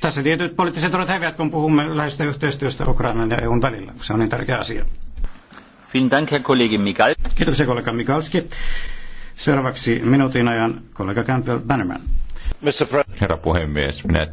Tässä tietyt poliittiset erot häviävät, kun puhumme läheisestä yhteistyöstä Ukrainan ja EUn välillä. Se on niin tärkeä asia. Dank, Herr Kiitoksia kollega Mikalski. Seuraavaksi minuutin ajan kollega Campbell Bannerman. Herra puhemies, minä